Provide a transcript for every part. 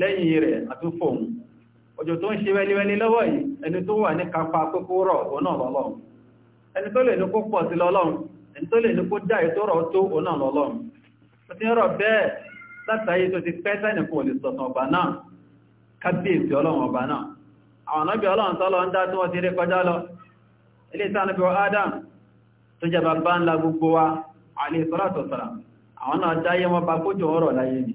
lẹ́yìn rẹ̀ àtúfòun òjò tó ń ṣe wẹ́lẹ́wẹ́lẹ́ lọ́wọ́ yìí ẹni tó wà ní kápá pípó rọ̀ òun náà lọ́lọ́run ẹni tó lè ní kó pọ̀ sí lọ́lọ́run ẹni tó lè ní kó dá ètò rọ̀ tó òun náà lọ́lọ́run ó ti ń rọ̀ bẹ́ẹ̀ látàyé tó ti àwọn adam tó jẹ bàbá ńlá gbogbo wa àlè sọ́lá tọ̀sọ̀rà àwọn náà dáyé wọn bá kójò ọ̀rọ̀ láyé ni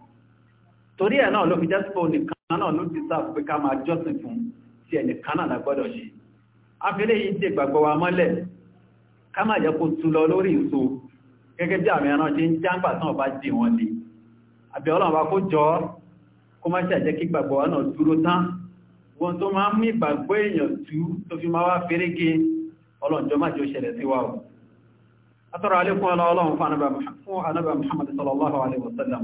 torí ẹ̀ náà ló fi jẹ́sìpọ̀ nìkan náà ló ti sáà pé ká máa jọ́sìn fún tí ẹnìkan náà lágbọ́dọ̀ ṣe afẹ́lẹ́ yìí dé gbàgbọ́ wa mọ́lẹ̀ ká máa jẹ́ kó tú lọ lórí ìso gẹ́gẹ́ bí àmì ẹran ṣe ń jáǹgbà tán bá dì wọ́n lè àbí ọlọ́run bá kó jọ kó má ṣe àjẹ́ kí wa náà dúró tán wọn tó máa ń mú ìgbàgbọ́ èèyàn tú tó fi máa wá fẹ́rẹ́gẹ ọlọ́njọ́ má jọ ṣẹlẹ̀ sí wa o atọ́rọ̀ alẹ́kùn ọlọ́run fún anábà Muhammad sallallahu alaihi wasallam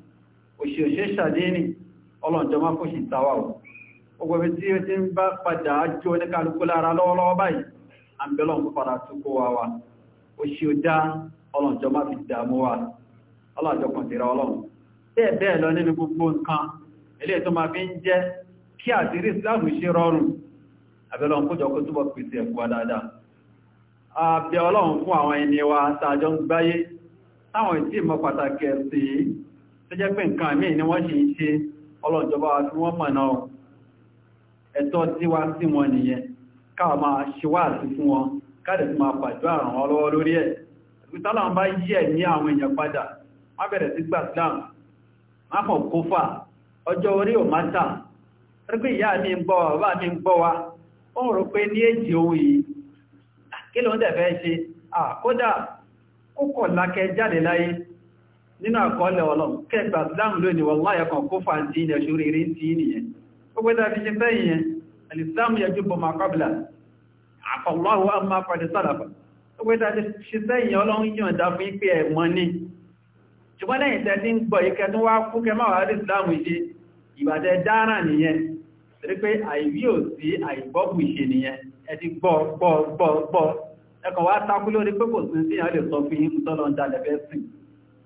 òṣìṣẹ́ ṣàdínì ọlọ́njọmá kò sì tàwà ò ogbòmí tí ó ti ń bá padà jọ ní kálukú lára lọ́wọ́lọ́wọ́ báyìí àbẹ́lọ́n kó padà tó kó wa wa òṣì ò dá ọlọ́njọmá fi dààmú wa ọlọ́njọkùn tìra ọlọ́run bẹ́ẹ̀ bẹ́ẹ̀ lọ nínú gbogbo nǹkan ilé tó máa fi ń jẹ́ wa tàjọ ń gbáyé tó jẹ́ pé nǹkan àmì ni wọ́n ṣe ń ṣe ọlọ́jọba tí wọ́n mọ̀ náà ẹ̀tọ́ tí wá sí wọn nìyẹn káà máa ṣe fún wọn káàdẹ̀ tí máa pàjọ àrùn ọlọ́wọ́ lórí ẹ̀ bá ní àwọn èèyàn padà má bẹ̀rẹ̀ sí gbà má kàn nínú àkọọ́lẹ̀ ọlọ́run kẹgbà islam lónìí wọ́n láyẹ̀ kan kó fà dí ilẹ̀ ṣorí rí tí nìyẹn ó gbẹ́dá fi ṣe sẹ́yìn yẹn alìsìláàmù yẹ jùbọ ma kọ́bìlà a máa pàdé sálàfà ó gbẹ́dá fi sẹ́yìn ọlọ́run yọ̀ǹda fún ipé ẹ̀mọ́ ní ṣùgbọ́n lẹ́yìn tẹ́ tí ń gbọ́ ikẹ́ tó wá kú kẹ máa rí islámù ṣe ìbàdẹ dára nìyẹn torí pé àìrí ò sí àìgbọ́bù ìṣe nìyẹn ẹ ti gbọ́ gbọ́ gbọ́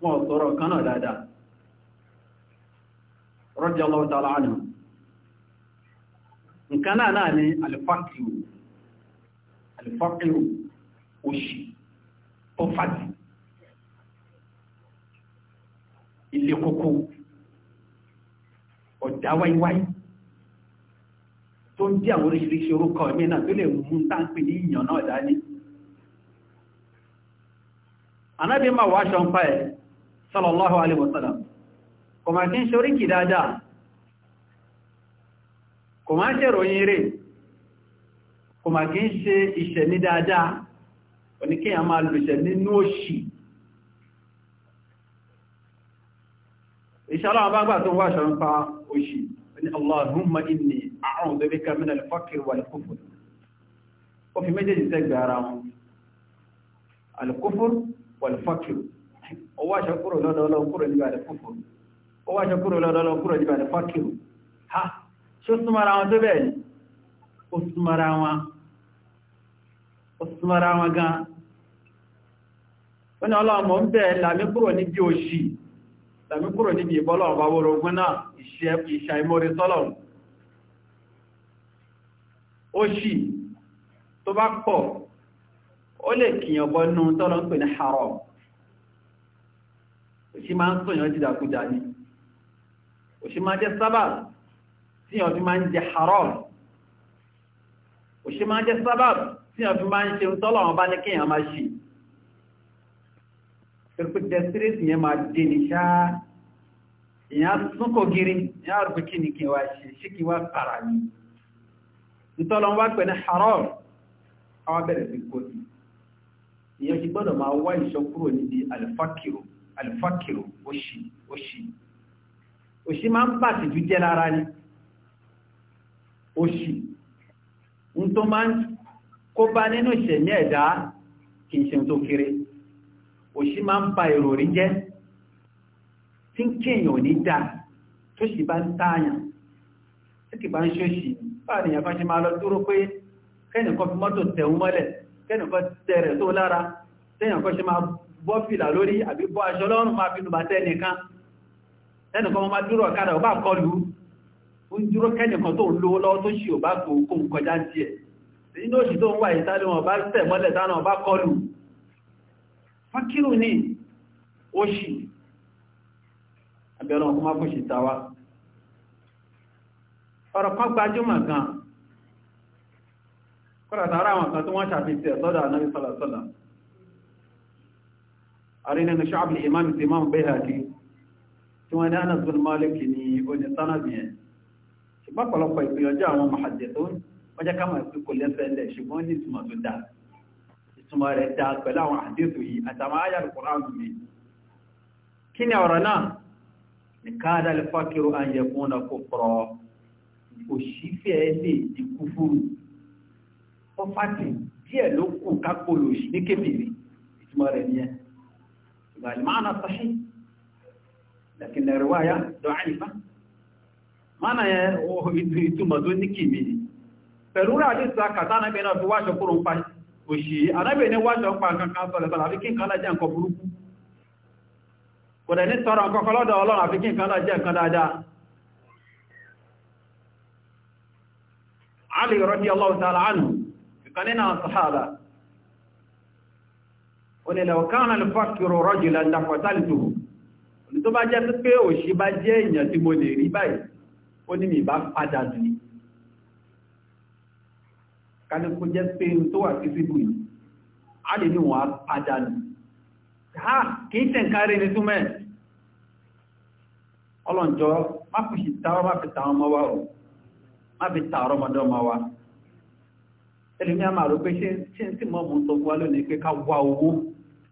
wọn ò sọ̀rọ̀ kan náà dáadáa radiyallahu ta'ala anhu nǹkan náà náà ni alifakiru alifakiru òṣì pọ́fàtì ilé kókó ọ̀dá wáíwáí tó ń jẹ́ àwọn oríṣiríṣi orúkọ ẹ̀mí náà tó lè mú táńpì ní ìyàn náà dání anábí máa wáṣọ ń pa sallallahu alaihi wasallam kò máa kí ń ṣe oríkì dáadáa kò máa ṣe ròyìn rẹ̀ kò máa kí ń ṣe ìṣẹ̀ ní dáadáa oníkíyàn máa lòṣẹ̀ nínú òṣì ìṣàlọ́ àbágbà tó wáṣọ ń pa òṣì ní Allahumma inni a'udhu bika min al-faqr wal-kufr ó fi méjèèjì tẹ́gbẹ̀ al-kufr wal-faqr O wáṣọ kúrò lọ́dọ̀ ọlọ́run kúrò níbi àdẹ fúnfọ́ ó wáṣọ kuro lọ́dọ̀ ọlọ́run kúrò níbi àdẹ fákìrù ha ṣó súnmọ́ra wọn tó bẹ́ẹ̀ ni ó súnmọ́ra wọn ó súnmọ́ra wọn gan ó ní ọlọ́run mọ̀ ń bẹ̀ làmí kúrò níbi òṣì làmí òṣì máa ń sọ̀yàn jìdàkudà ni òṣì máa jẹ́ sábà tíyàn fi máa ń jẹ haram òṣì máa jẹ́ sábà tíyàn fi máa ń ṣe tọ́lọ̀ wọn bá ní kíyàn máa ṣì pẹ̀lú dẹ́sírẹ́sì yẹn máa dé ní ṣáá ìyàn súnkò gírí ìyàn rẹ̀ kí ní kí wá ṣe ṣí kí wá pàrà ní ìtọ́lọ wá pẹ̀ ní àwọn bẹ̀rẹ̀ sí kò sí ìyàn ti gbọ́dọ̀ máa wá ìṣọ́kúrò níbi alfakiru alifakiru òṣì òṣì òṣì máa ń bàtìjú jẹ́ lára ní òṣì ń tó máa ń kó bá nínú ìṣẹ̀mí ẹ̀dá kìí ṣe tó kéré òṣì máa ń ba èrò rí jẹ́ tí ń kéèyàn ò ní dá tó sì bá ń táàyàn tí kì bá ń ṣóṣì báà nìyàn ṣe máa lọ dúró pé kẹ́nìkan fi mọ́tò tẹ̀hún mọ́lẹ̀ kẹ́nìkan tẹ̀rẹ̀ tó lára tẹ́yàn kan ṣe máa bọ́ fìlà lórí àbí bọ́ aṣọ lọ́rùn máa fi nùbà tẹ́ nìkan ẹnìkan mọ́ máa dúró ọ̀kadà ọba kọlù ń dúró kẹ́nìkan tó ń lówó lọ́wọ́ tó ṣì ọba kò kó ń kọjá díẹ̀ nínú òṣì tó ń wà ìtàlẹ̀ wọn bá tẹ̀ mọ́lẹ̀ dáná ọba kọlù fákírù ní òṣì abẹ́rẹ́ àrínà ní ṣáàbì imam ti imam Bayhaqi tí wọ́n ní Anas bin Malik ní oní sanadi yẹn ṣùgbọ́n pọ̀lọpọ̀ ìgbìyànjú àwọn muhaddithun wọ́n jẹ́ káwọn ìpín kò lẹ́sẹ̀ lẹ̀ ṣùgbọ́n ní ìtumọ̀ tó dáa ìtumọ̀ rẹ̀ dáa pẹ̀lú àwọn àdéhùn yìí àtàwọn ayà Al-Qur'an mi kí ni ọ̀rọ̀ náà ní káàdà lè fákìrò àyẹ̀kún náà kò pọ̀rọ̀ òṣìfẹ́ lè di kúfúrú ọfàtì díẹ̀ ló kù kápò lòṣì ní kébìrì ìtumọ̀ rẹ̀ nìyẹn يبقى المعنى الصحيح، لكن الرواية ضعيفة معنى هو يتم دون كيمي فالورا دي ساكا انا بينا في واشو كورون باي وشي أنا بينا واشو با كان كان صلى الله عليه كان لا جان كو بروكو كودا ني تورا كو كلو كان لا كان علي رضي الله تعالى عنه كاننا صحابه ni law kana al-faqiru rajulan laqataltuhu ní tó bá jẹ́ pé òṣì bá jẹ́ èèyàn tí mo lè rí báyìí ó ní mi bá padà dùn ní kálukú jẹ́ pé tó wà sí síbù yìí a lè ní wọ́n padà dùn ha kìí tẹ̀nkárí ní túnmẹ́ ọlọ́njọ́ má fi ṣì tàwọn má fi tàwọn ọmọ wa o má fi tààrọ́ ọmọdé ọmọ wa ẹlùmí a pé ṣe ń tí mọ́ mú sọ fún lónìí pé ká wá owó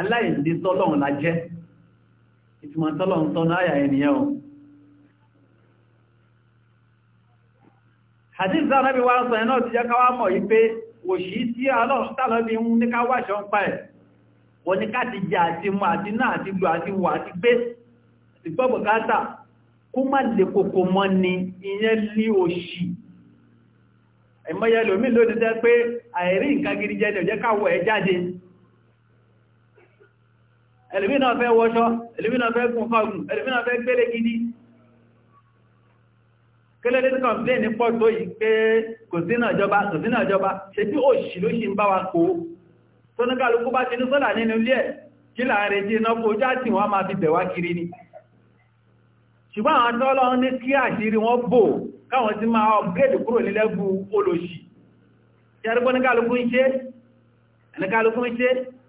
aláìlé tọ́lọ́run la jẹ́ ìtumọ̀ tọ́lọ́run tọ́nà àyà ènìyàn o hadith zanabi wa sọ ẹ̀nà ti jẹ́ káwà mọ̀ yí pé òṣì tí alọ́ọ̀tàlọ́bí ń ní ká wáṣọ́ ń pa ẹ̀ wọ́n ní ká ti jẹ àti mọ̀ àti náà àti lò àti wà ẹlòmínà fẹ́ wọṣọ ẹlòmínà fẹ́ gùn fagùn ẹlòmínà fẹ́ gbélé gidi kílẹ̀ ní kọ̀m̀plẹ̀ ní pọ̀ tó yìí pé kò sínà ìjọba kò sínà ìjọba ṣe tí ó ṣì ló ṣì ń bá wa kó tó ní kálukú bá ti ní sọ́là nínú ilé kí láàrin tí iná fojú àti ni ṣùgbọ́n àwọn tọ́lọ ní kí àṣírí wọn bò káwọn ti máa upgrade kúrò nílẹ́gbù olóṣì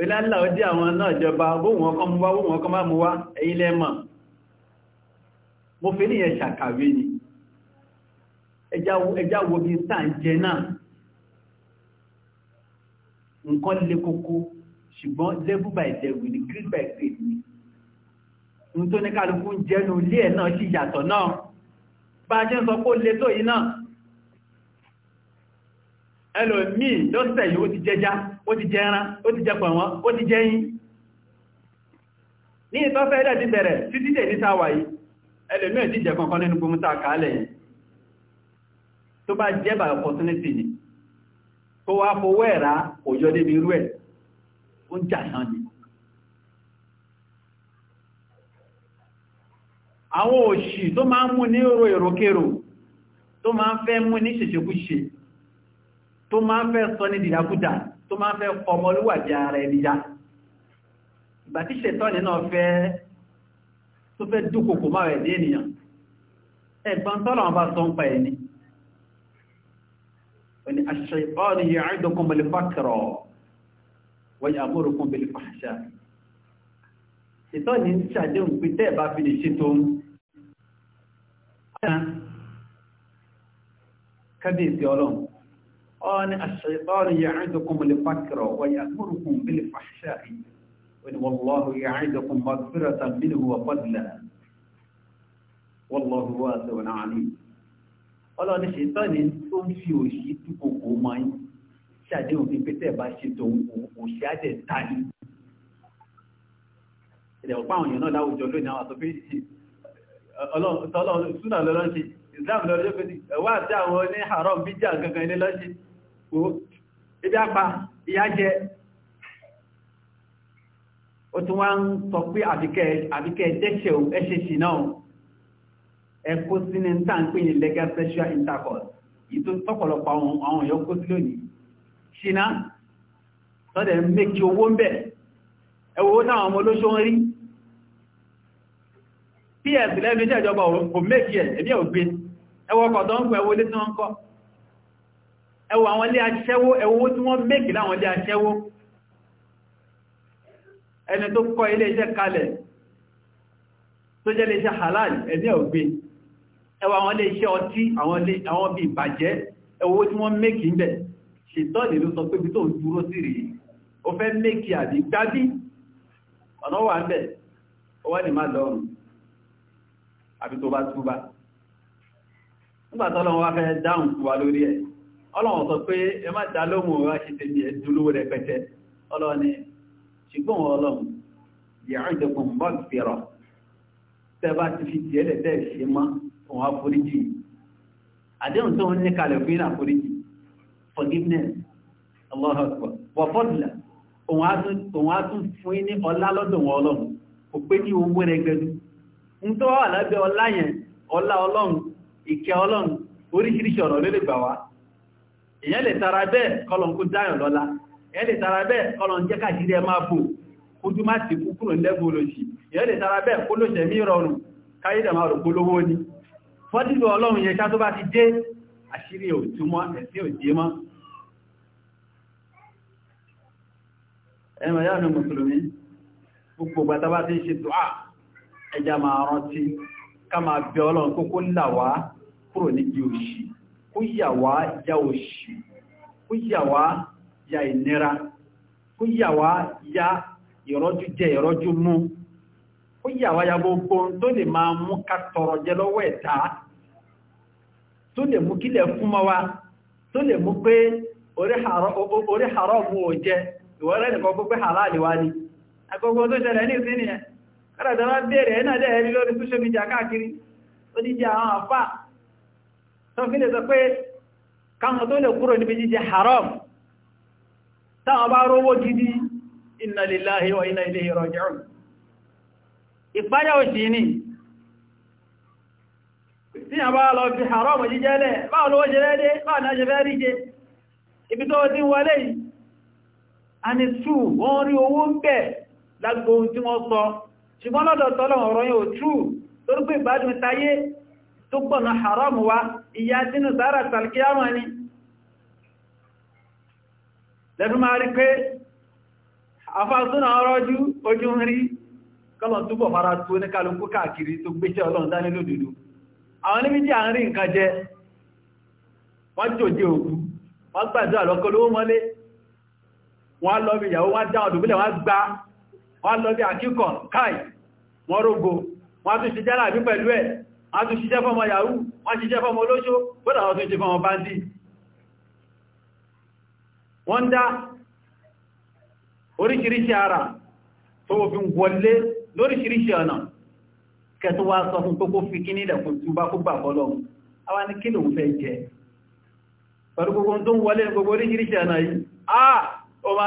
ìlànà ọdí àwọn náà jọba gbóhùn ọkọ̀ mú wá gbóhùn ọkọ̀ máa mú wá èyí lẹ́mọ̀ mo fi ní yẹn ṣàkàwé ni ẹjá wo bí tàà jẹ náà nǹkan lè kókó ṣùgbọ́n level by level ni grade by grade ni n tó ní kálukú jẹ́nu ilé ẹ̀ náà sì yàtọ̀ náà bá a jẹ́ sọ pé ó le tó yìí náà ẹlòmíì lọ́sẹ̀ yìí ó ti jẹjá ó ti jẹran ó ti jẹ pọ̀wọ́n ó ti jẹyìn ní ìtọ́fẹ́ ẹ̀dẹ̀ ti bẹ̀rẹ̀ títí dẹ̀ ní sáwà yìí ẹlòmíì ti jẹ kankan nínú gbọmútà kàálẹ̀ yìí tó bá jẹ́ by opportunity ni tó wá fowó ẹ̀rá òjò débi irú ẹ̀ ó ń jà náà ni àwọn òṣì tó máa ń mú ní èrò tó máa ń fẹ́ mú ní ṣèṣekúṣe tó máa ń fẹ́ sọ ní dìdàkúdà tó máa ń fẹ́ kọmọ olúwàjá ara ẹniyá ìgbà tí ṣètọ́nì náà fẹ́ tó fẹ́ dúkòkò máa rẹ̀ dé ènìyàn ẹ̀gbọ́n tọ́lọ̀ wọn bá sọ ń pa ẹni wọ́n ni aṣ-ṣayṭānu ya'idukum bil-faqra wa ya'murukum bil-fahshā ṣètọ́nì ń ṣàdéhùn pé tẹ́ẹ̀ bá fi lè ṣe tó ń ọlọ́run ọ́nà àṣẹ́tọ́rì ya'idukum al-fakra wa ya'murukum bil-fahsha'i wani wallahu ya'idukum maghfiratan minhu wa fadla wallahu wasi'un 'alim ọlọ́ni ṣètọ́ni tó ń fi òṣì dúkòkò máa ń ṣàdéhùn fi pété bá ṣètò òṣì àjẹ́ tani ilẹ̀ ọ̀pá àwọn èèyàn náà láwùjọ lónìí súnà lọ́lọ́ṣe islam lọ́lọ́ṣe wà tí àwọn ní bíjà gangan ilé lọ́ṣe ó ebi apá ìyá jẹ ó tún wá ń sọ pé àbíkẹ́ dẹ́ṣẹ̀ ẹ̀ṣẹ̀ sí náà ẹ̀kọ́ sí ní ta ń pè ní legal sexual intercourse ìtò tọ́pọ̀lọpọ̀ àwọn èèyàn kó sí lónìí ṣíná tọ́dẹ̀ ń mé kí owó ń bẹ̀ ẹwọ́ náà ọmọ olóṣó ń rí ps lẹ́nu iṣẹ́ ìjọba kò mé kí ẹ̀ ẹ̀bí ẹ̀ ògbé ẹwọ́ ọkọ̀ tó ń gbọ́ ẹwọ́ lé tí wọ́n ń kọ́ ẹwọ àwọn ilé aṣẹ́wó ẹwọ tí wọ́n mẹ́kì láwọn ilé aṣẹ́wó ẹni tó kọ́ ilé iṣẹ́ kalẹ̀ tó jẹ́ ilé iṣẹ́ halal ẹni ọ̀gbé ẹwọ àwọn ilé iṣẹ́ ọtí àwọn bí ìbàjẹ́ ẹwọ tí wọ́n mẹ́kì ń bẹ̀ ṣètọ́nì ló sọ pé bí tó ń dúró sí rí ó fẹ́ mẹ́kì àbí gbábí ọ̀nà wà ń bẹ̀ ó wá ní má lọ́rùn àbí tó bá túbá nígbà tọ́lọ́wọ́ wá fẹ́ dáhùn fún lórí ẹ̀ ọlọ́run sọ pé ẹ má dá lóhùn wá ṣe tèmi ẹ̀dúlówó rẹpẹtẹ ọlọ́ni ṣùgbọ́n ọlọ́run yàrá ìjọkùn bọ́ fìrọ̀ tẹ́ ti fi tiẹ̀ tẹ́ ṣe mọ́ àforíjì àdéhùn tó ń ní forgiveness fọ́dùlà fún ọlá lọ́dọ̀ wọn ọlọ́run kò pé ní owó rẹ gbẹdú ọlá yẹn ọlá ọlọ́run ìkẹ́ èyàn lè tara bẹ́ẹ̀ kọlọ̀n kó dáyàn lọ́lá èyàn lè tara bẹ́ẹ̀ kọlọ̀n jẹ́ káàkiri ẹ máa bò kójú má ti kúkúrò lẹ́gbò olóṣì èyàn lè tara bẹ́ẹ̀ kó lóṣẹ̀ mí rọrùn káyídàmà rò polówó ni fọ́dílù ọlọ́run yẹn ká tó bá ti dé àṣírí òtúmọ́ ẹ̀sí òdí mọ́ ẹmọ yáà ní mùsùlùmí gbogbo kó yà wá ya òṣì kó yà ya ìnira kó yà ya ìrọ́jú jẹ ìrọ́jú mú kó yà ya gbogbo tó lè máa mú ká tọrọ jẹ lọ́wọ́ ẹ̀ta tó lè mú kílẹ̀ fún mọ́ wa tó lè mú pé orí àárọ̀ mú ò jẹ nìkan gbogbo wá agogo tó ṣẹlẹ̀ ní ìsinìyàn kádàtà bá bèèrè ẹ̀nà dẹ́ẹ̀rí lórí tó fi lè sọ pé káwọn tó lè kúrò níbi jíjẹ haram táwọn bá rówó gidi inna lillahi wa inna ilayhi raji'un ìpáyà òṣì ní tí a bá lọ fi haram jíjẹ lẹ̀ báwọn lówó jẹ lẹ́dẹ́ báwọn náà jẹ fẹ́ rí jẹ ibi tó ti wọlé yìí a ni wọ́n rí owó ń bẹ̀ lágbóhun tí wọ́n sọ ṣùgbọ́n lọ́dọ̀ tọ́lọ̀ ọ̀rọ̀ yóò tú lórúkú ìgbádùn tayé tó na haram wa ìyá tínú sára ma ni lẹ́nu máa rí pé afásúnà ọrọ́jú ojú ń rí kọlọ̀n túbọ̀ mara tó ní kiri to gbe gbéṣẹ́ ọlọ́run dání lododo àwọn níbi tí a ń rí nǹkan jẹ wọ́n jòjé òkú wọ́n gbàjọ́ àlọ́kọlówó mọ́lé wọ́n lọ bí ìyàwó wọ́n dá ọdùnbílẹ̀ wọ́n gbá wọ́n lọ bí a tún ṣiṣẹ́ fọ́mọ yahoo wọ́n ṣiṣẹ́ fọ́mọ olóṣó bọ́dà wọ́n tún ṣe fọ́mọ báńdì wọ́n dá oríṣiríṣi ara tó wọ́n fi wọlé lóríṣiríṣi ọ̀nà kẹtù wá sọ fún kókó fi kí ní ìdẹ̀kùn ah o ma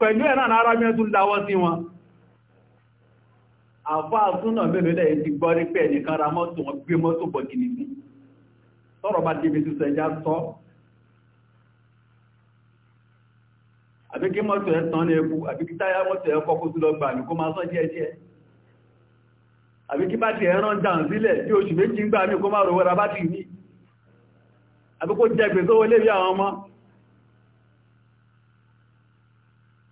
pẹ̀lú ẹ̀nà ara mẹ́tún dáwọ́ sí wọn àfá àtúnà mẹ́lẹ̀lẹ́ ti gbọ́ rí pé ẹnìkan ra mọ́tò wọn gbé mọ́tò bọ̀ gìnìgbì tọ́rọ bá débi sísọ ẹjá sọ àbí kí mọ́tò ẹ tán ní ebu àbí kí táyà mọ́tò ẹ kọ́kọ́ sí lọ́gbà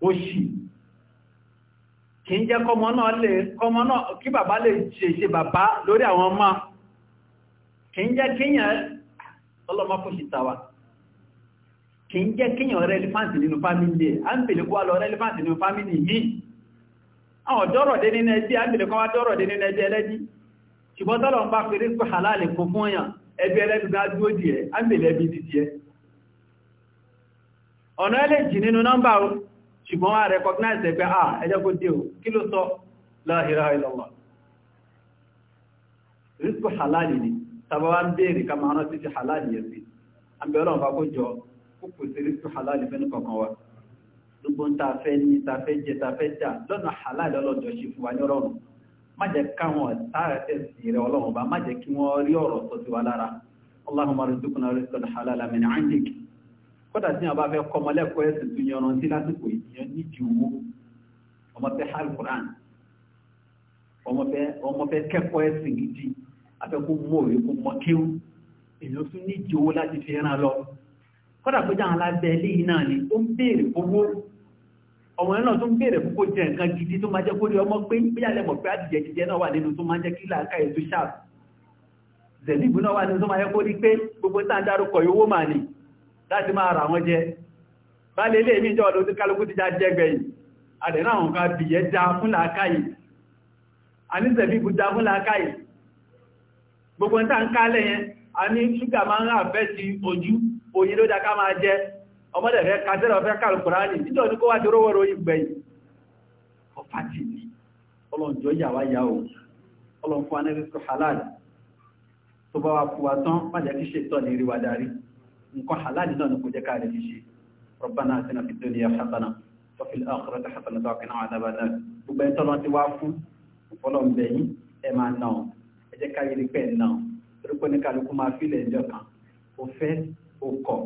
òṣì kì í jẹ́ kọmọ náà lè kọmọ náà kí bàbá lè baba bàbá lórí àwọn ọmọ kì í jẹ́ kíyàn ọlọ́mọ tàwà kì í jẹ́ kíyàn rẹ́lífáǹtì nínú fámílì à ń bèèrè kó wá lọ rẹ́lífáǹtì nínú fámílì yìí àwọn dọ́rọ̀ dé nínú ẹbí à ń bèèrè kó dọ́rọ̀ dé nínú ń bá pé halálì fún ṣùgbọ́n wá recognize ẹgbẹ́ à ẹjọ́ kó dé o kí ló sọ la ilaha illallah rísíkò halali ni tàbáwá ń bèèrè ká máa rántí ti halali yẹ sí àbẹ̀ ọlọ́run bá kó jọ kókò sí rísíkò halali fẹ́nu kọ̀ọ̀kan wa gbogbo ń ta fẹ́ ní ta fẹ́ jẹ ta fẹ́ jà lọ́nà halali ọlọ́jọ́ ṣe fún wa ní ọlọ́run kódà tí wọn bá fẹ́ kọ́ ọmọlẹ́kọ̀ọ́ ẹ̀sìn tó yanrantí lásìkò ìyẹn nídìí owó ọmọ fẹ́ alukuran ọmọ fẹ́ kẹ́kọ̀ọ́ ẹ̀sìn gidi afẹ́kú mọ̀wé kó mọ kíw èyí tún nídìí owó láti fi ràn lọ kódà pé jáwọn alábẹ́ ilé yìí náà ni ó ń béèrè owó ọmọ náà tó ń béèrè kókó jẹ nǹkan gidi tó máa jẹ́ kórè ọmọ pé bíyàlẹ̀ mọ̀ pé àtijẹ́ láti máa rà wọn jẹ bá lè lè ní ìjọ́ ọdún kálukú ti já jẹ́gbẹ̀ àwọn bí yẹ já fún làákàyè a ní sẹ̀bí bú já fún làákàyè gbogbo nta tàǹkà lẹ́yẹn a ní ṣúgà máa ń rà fẹ́ ti ojú oyin ló dá ká máa jẹ ọmọdé fẹ́ kásẹ́rọ̀ fẹ́ kàlùkùránì ni ọlọ́njọ́ yàwá yà ó ọlọ́nfún halal nǹkan halal náà ni kò jẹ́ káàrẹ̀ fi ṣe rọ̀bánà àti nàfi tó ní ẹ̀fàtànà tọ́fìl àkọrọ̀ tó ṣàtànà tó àkínà àdábà náà gbogbo ẹ̀ tọ́lọ́ ti wá fún ìfọlọ́ ń bẹ̀ yín ẹ máa nà ọ́ ẹ jẹ́ ká yẹrí pẹ́ nà ọ́ torí pé ní kálukú máa fílẹ̀ ẹjọ́ kan ó fẹ́ ó kọ̀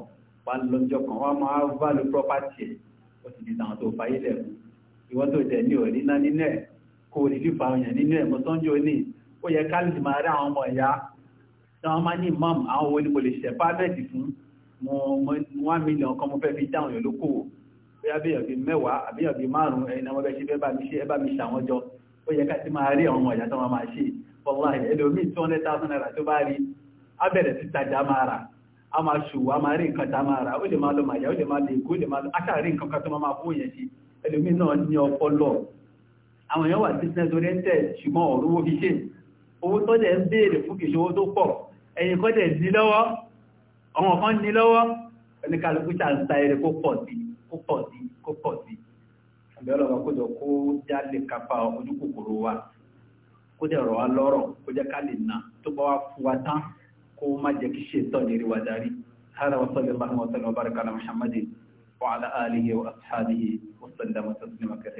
wá lọ́jọ́ kan wá máa válù property ẹ̀ ó ti di tàwọn tó fàyè one kan mo fẹ́ fi dáhùn yẹn lókòwò bóyá bíyàn bíi mẹ́wàá àbíyàn bíi márùn-ún ẹ̀yin náà wọ́n bẹ́ ṣe bẹ́ẹ̀ bá mi ṣe ẹ bá mi ṣàwọn jọ ó yẹ ká ti máa rí àwọn ọ̀yà tó máa máa ṣe ọlá ẹlòmíì two hundred thousand naira tó bá rí abẹ̀rẹ̀ sí tajà máa rà a máa ṣòwò a máa rí nǹkan tá a máa rà ó lè máa lọ màyà ó lè máa lè kó ó lè máa lọ aṣáà rí nǹkan kan tó máa máa fún yẹn ṣe ẹlòmíì náà ní ọpọlọ àwọn èèyàn wà business oriented ṣùgbọ́n ọ̀rọ̀ owó fi ṣe owó tó dẹ̀ ń béèrè fún kìí ṣe owó tó pọ̀ ẹ̀yìn kọ́ dẹ̀ ní lọ́wọ́ ọmọ kan ní lọ́wọ́ oníkàlùkù ṣàǹsà eré kó pọ̀ sí kó pọ̀ sí kó pọ̀ sí àbẹ̀ ọlọ́wọ́ kó jọ kó já lè kápá ojú kòkòrò wa kó jẹ́ ọ̀rọ̀ wa lọ́rọ̀ kó jẹ́ ká lè nà tó bá wa fún wa tán kó má jẹ́ kí ṣe tọ́ ní rí wa darí هذا وصلى الله وسلم وبارك على محمد وعلى آله وأصحابه وسلم تسليما كثيرا